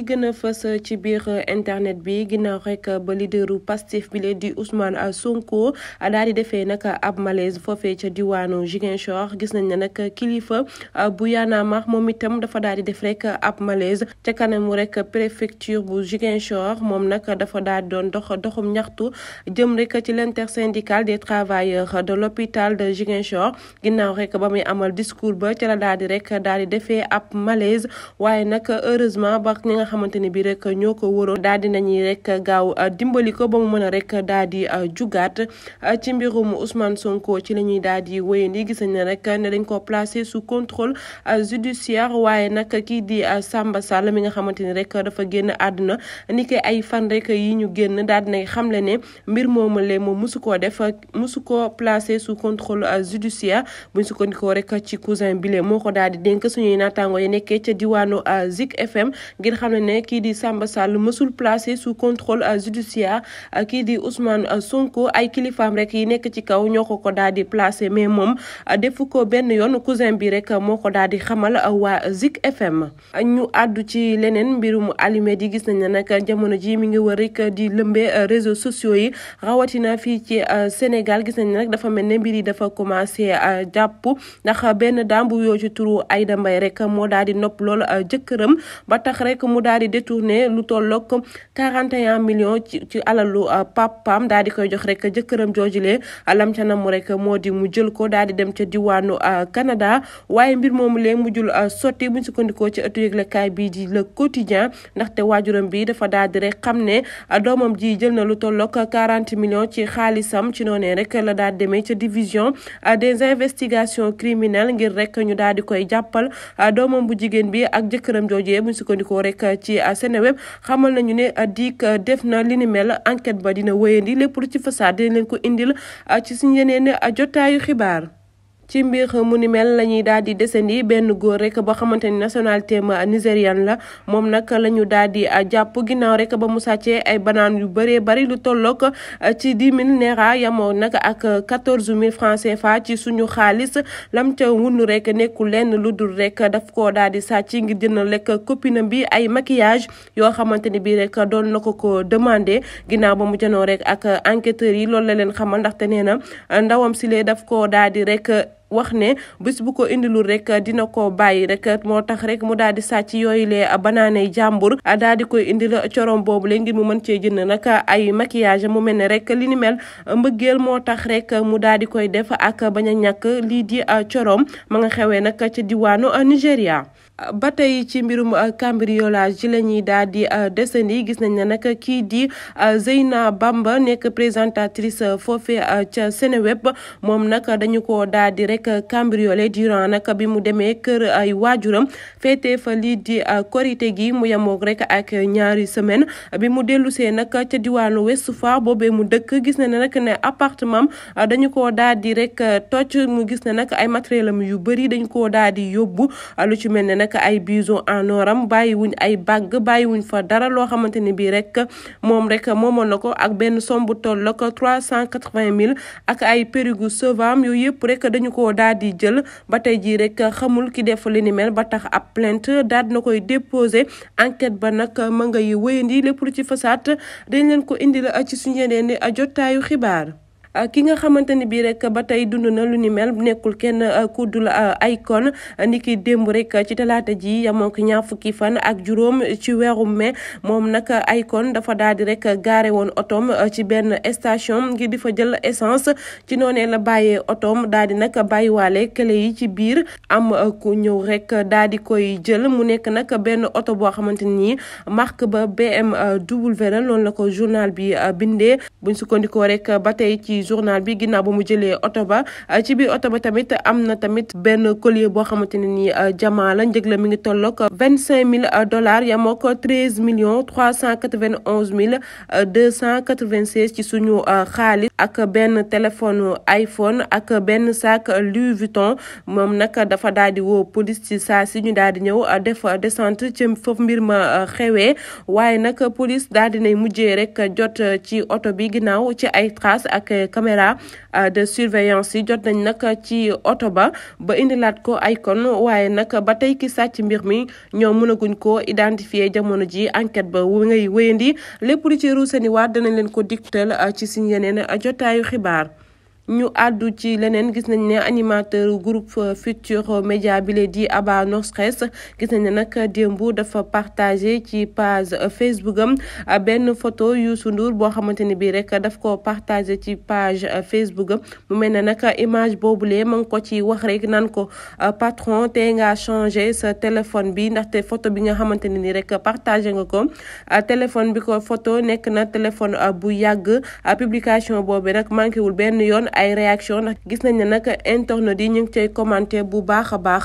li gën a fës euh, ci biir euh, internet bi ginnaaw rek euh, ba leaderu Pastef bi leen di Ousmane Sonko daal di defee nag ab malaise foofee ca diwaanu Ziguinchor gis nañ ne nag kilifa bu Y'en a moom itam dafa daal di def rek ab malaise ca kanamu rek préfecture bu Ziguinchor moom nag dafa daal di doon dox doxum ñaxtu jëm rek ci l'intersyndicale des travailleurs de l'hôpital de Ziguinchor ginaaw rek ba muy amal discours ba ca la daal di rek daal di defee ab malaise waaye nag heureusement ba ñi xamante ne bi rek ñoo ko wóoroon daal di nañuy rek gaaw euh, dimbali ko ba mu mën a rek daal di euh, jugaat euh, ci mbirum Ousmane Sonko ci la ñuy daal di wéyandi gis nañ ne rek ne dañ ko placé sous contrôle judiciaire waaye nag kii di Samba Sall mi nga xamante ni rek dafa génn àdduna ni ay fan rek yi ñu génn daal di nañ xamle ne mbir moomu lee moom mosu koo def mosu koo placé sous contrôle judiciaire buñ sukkandikoo rek ci cousin bile moo ko daal di dénk suñuy naataango yi nekkee ca diwaanu Zik FM ngir xam xamle ne kii di Samba Sall mësul placé sous contrôle judiciaire kii di Ousmane Sonko ay kilifaam rek yi nekk ci kaw ñoo ko ko daal di placé mais moom defu ko benn yoon cousin bi rek moo ko daal di xamal waa Zik FM. ñu àddu ci leneen mbirum allumette yi gis nañ ne nag jamono ji mi ngi wër rek di lëmbee réseaux sociaux yi rawatina fii ci euh, Sénégal gis nañ ne nag dafa mel ne mbir yi dafa commencé euh, jàpp ndax benn daam bu yoo ci turu Aïda Mbaye rek moo daal di nopp lool euh, jëkkëram daal di détourné lu tollook 41 millions ci ci alalu euh, papam daal di koy jox rek jëkkëram joojule lam ca namu rek moo di mu jël ko daal di dem ca diwaanu euh, Canada waaye mbir moom moomu lee mujjul euh, sotti buñ sukkandikoo ci ëttu yëglekaay bii di le quotidien ndaxte waajuram bi dafa daal di rek xam ne doomam ji jël na lu tollook 40 million ci xaalisam ci noonee rek la daal di demee ca division des investigations criminelles ngir rek ñu daal di koy jàppal doomam bu jigéen bi ak jëkkëram joojee buñ ci euh, Seneweb xamal nañu ne euh, DIC euh, def na li ni mel enquête ba dina woyandi lépp lu ci fasaad dina leen ko indil ci suñu a jotaayu xibaar. ci mbir mu ni mel la ñuy daal di desandi benn góor rek boo xamante ni nationalité ma nigérian la moom nag lañu ñu daal di ah, jàpp ginaaw rek ba mu sàccee ay banaan yu bëree bëri lu tolloog ah, ci 10 000 naira yamoo nag ak 14 000 francs CFA ci suñu xaalis lam ca wunnu rek nekkul lenn lu dul rek daf ko daal di sàcc ngir jëndal lekk copine bi ay maquillage yoo xamante ni bii rek doon na ko ko demandé ginnaaw ba mu janoo rek ak enquêteurs yi loolu la leen xamal ndaxte nee na ah, ndawam si lee daf koo daal rek. wax ne bés bu ko indilul rek dina ko bàyyi rek moo tax rek mu daal di sàcc yooyu le banaanay jàmbur daal di koy indil corom boobu le ngir mu mën cee jënd nag ay maquillage mu mel ne rek li ni mel mbëggeel moo tax rek mu daal di koy def ak bañ a ñàkk lii di corom ma nga xewee nag ca diwaanu Nigéria. ba tey ci mbirum cambriolage ci la ñuy daal di desandi gis nañ ne nag kii di Zeyna Bamba nekk présentatrice foofee ca Seneweb moom nag dañu ko daal di rek. rek cambriolé durant nag bi mu demee kër ay waajuram féetee fa lii di euh, korite gi mu yemoog rek ak ñaari semaine bi mu dellusee nag ca diwaanu westu Foire boobee mu dëkk gis na ne nag ne appartement euh, dañu koo daal di rek euh, tocc mu gis ne nag ay matériel am yu bëri dañ koo daal di yóbbu lu ci mel ne nag ay bison en or am bàyyiwuñ ay bàgg wuñ fa dara loo xamante ni bii rek moom rek moomoon na ko ak benn somb toll la ko trois cent quatre-vingt mille ak ay périgu ko daal di jël ba tey jii rek xamul ki def li ni mel ba tax ab plainte daal di na koy déposé enquête ba nag ma nga yi wéyandi lépp lu ci fasaat dañ leen ko indil ci suñu yeneen ni jotaayu xibaar Euh, ki nga xamante ni bii rek ba tey dund na lu ni mel nekkul kenn euh, ku dul Akon euh, ni ki démb rek ci talaata ji yamoon ko ñaar fukki fan ak juróom ci weeru mai moom nag Akon dafa daal di rek gaare woon otoom ci benn station ngir di fa jël essence ci noonee la bàyyee otoom daal di nag bàyyiwaale clé yi ci biir am ku ñëw rek daal di koy jël mu nekk nag benn oto boo xamante ni marque ba BMW la loolu la ko journal bi bindee buñ sukkandikoo rek ba tey ci. ci journal bi ginnaaw ba mu jëlee oto ba ci biir oto ba tamit am na tamit benn collier boo xamante ne ni jamaa la njëg la mi ngi tolloog vingt cinq mille dollars yamoo ko treize millions trois cent quatre vingt onze mille euh, deux cent quatre vingt ci suñu euh, xaalis ak benn téléphone iPhone ak benn sac Louis Vuitton moom nag dafa daal di woo police ci saa si ñu daal di ñëw euh, def descente ci foof mbir ma xewee waaye nag police daal di nay mujjee rek jot ci oto bi ginnaaw ci ay traces ak caméra euh, de surveillance yi jot nañ nag ci oto ba ba indilaat ko Akon waaye nag ba tey ki sàcc mbir mi ñoom mënaguñ ko identifier jamono ji enquête ba ngay wéyandi lépp lu ci ruusani waa danañ leen ko digtal euh, ci si suñu a jotaayu xibaar ñu àddu ci leneen gis nañ ne animateur groupe euh, Futur Média bi la di Aba No Stress gis nañ ne nag démb dafa partagé ci page euh, Facebook am euh, benn photo Youssou Ndour boo xamante ne bii rek daf ko partagé ci page Facebook am mu mel ne nag image boobule ma ngi ko ci wax rek naan ko patron te nga changé sa téléphone bi ndaxte photo bi nga xamante ne ni rek partagé nga ko téléphone bi ko photo nekk na téléphone bu yàgg publication boobu nag manqué wul benn yoon. ay réaction ndax gis nañ ne nag internet yi ñu ngi cay commenté bu baax a baax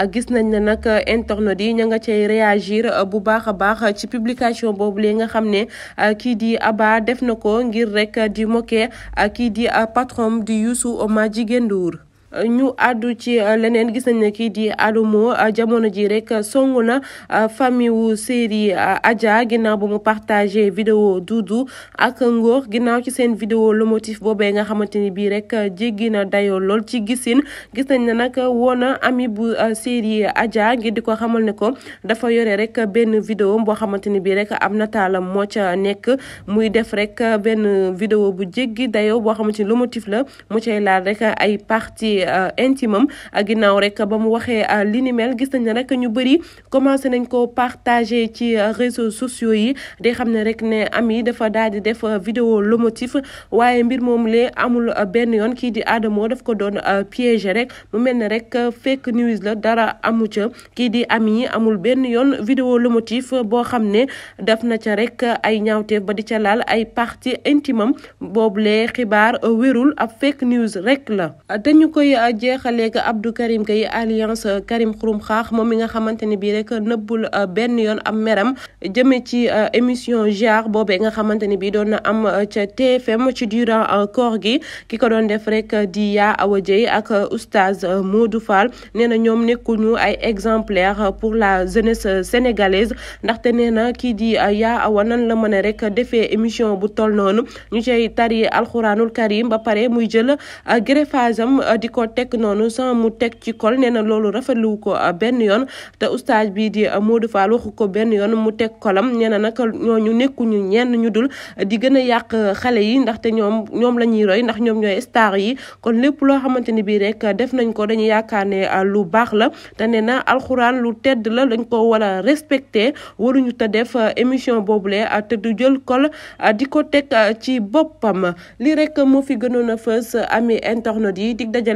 ak gis nañ ne nag internet yi ñu nga cee réagir bu baax a baax ci publication boobu lee nga xam ne euh, kii di Aba def na ko ngir rekk di moquer euh, kii di euh, patron di yuusu omaa jigéen Ndour ñu addu ci euh, leneen gis nañ ne kii di Adamo euh, jamono ji rek songu na euh, famille wu série Adja ginnaaw ba mu partagé vidéo Doudou ak ngoor ginnaaw ci seen vidéo lomotif boobee nga xamante ni bii rek jéggi na dayoo lool ci gisin gis nañ ne nag woon na ami bu série Adja ngir di ko xamal ne ko dafa yore rek benn vidéo boo xamante ni bii rek am nataalam moo ca nekk muy def rek benn vidéo bu jéggi dayoo boo xamante ni lomotif la mu laal rek ay partie Euh, intime am ginnaaw rek ba mu waxee euh, li ni gis nañ ne rek ñu bëri commencé nañ ko partagé ci euh, réseaux sociaux yi di xam ne rek ne am yi dafa daal di def vidéo lomotif waaye mbir moom lee amul benn yoon kii di Adamo daf ko doon piégé rek mu mel ne rek fake news la dara amu ca kii di am Ami amul benn yoon vidéo lomotif boo xam ne def na ca rek ay ñaawteef ba di ca laal ay partie intime am boobu lee xibaar wérul ab fake news rek la dañu koy ñuy jeexaleeg Abdou Karim Gueye alliance Karim Xurum Xaax moom mi nga xamante ne bii rek nëbbul euh, benn yoon am meram jëmee ci euh, émission genre boobe nga xamante ne bii doon na am euh, ca TFM ci durant koor gi ki ko doon def rek di yaa Awa Dieye ak oustaz Modou Fall nee na ñoom nekkuñu ay exemplaire pour la jeunesse sénégalaise ndaxte nee na kii di yaa Awa nan la mën a rek defee émission bu toll noonu ñu cay tari alxuraanul karim ba pare muy jël greffage am ko teg noonu sans mu teg ci kol nee na loolu rafetlu ko ah, benn yoon te oustaz bii di ah, Modou Fall waxu ko benn yoon mu teg kolam nee na ñoo ñu nekkuñu ñenn ñu dul di gën a yàq xale yi ndaxte ñoom ñoom la ñuy roy ndax ñoom ñooy star yi kon lépp loo xamante ni bii rek def nañ ko dañuy yaakaar ne ah, lu baax la te nee na alxuraan lu tedd la dañ ko war respecte waruñu te def émission boobule te du jël kol di ko teg ci boppam lii rek moo fi gënoon fës ami internet yi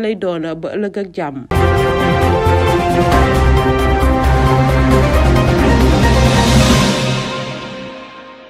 lay doon ba ëllëg ak jàmm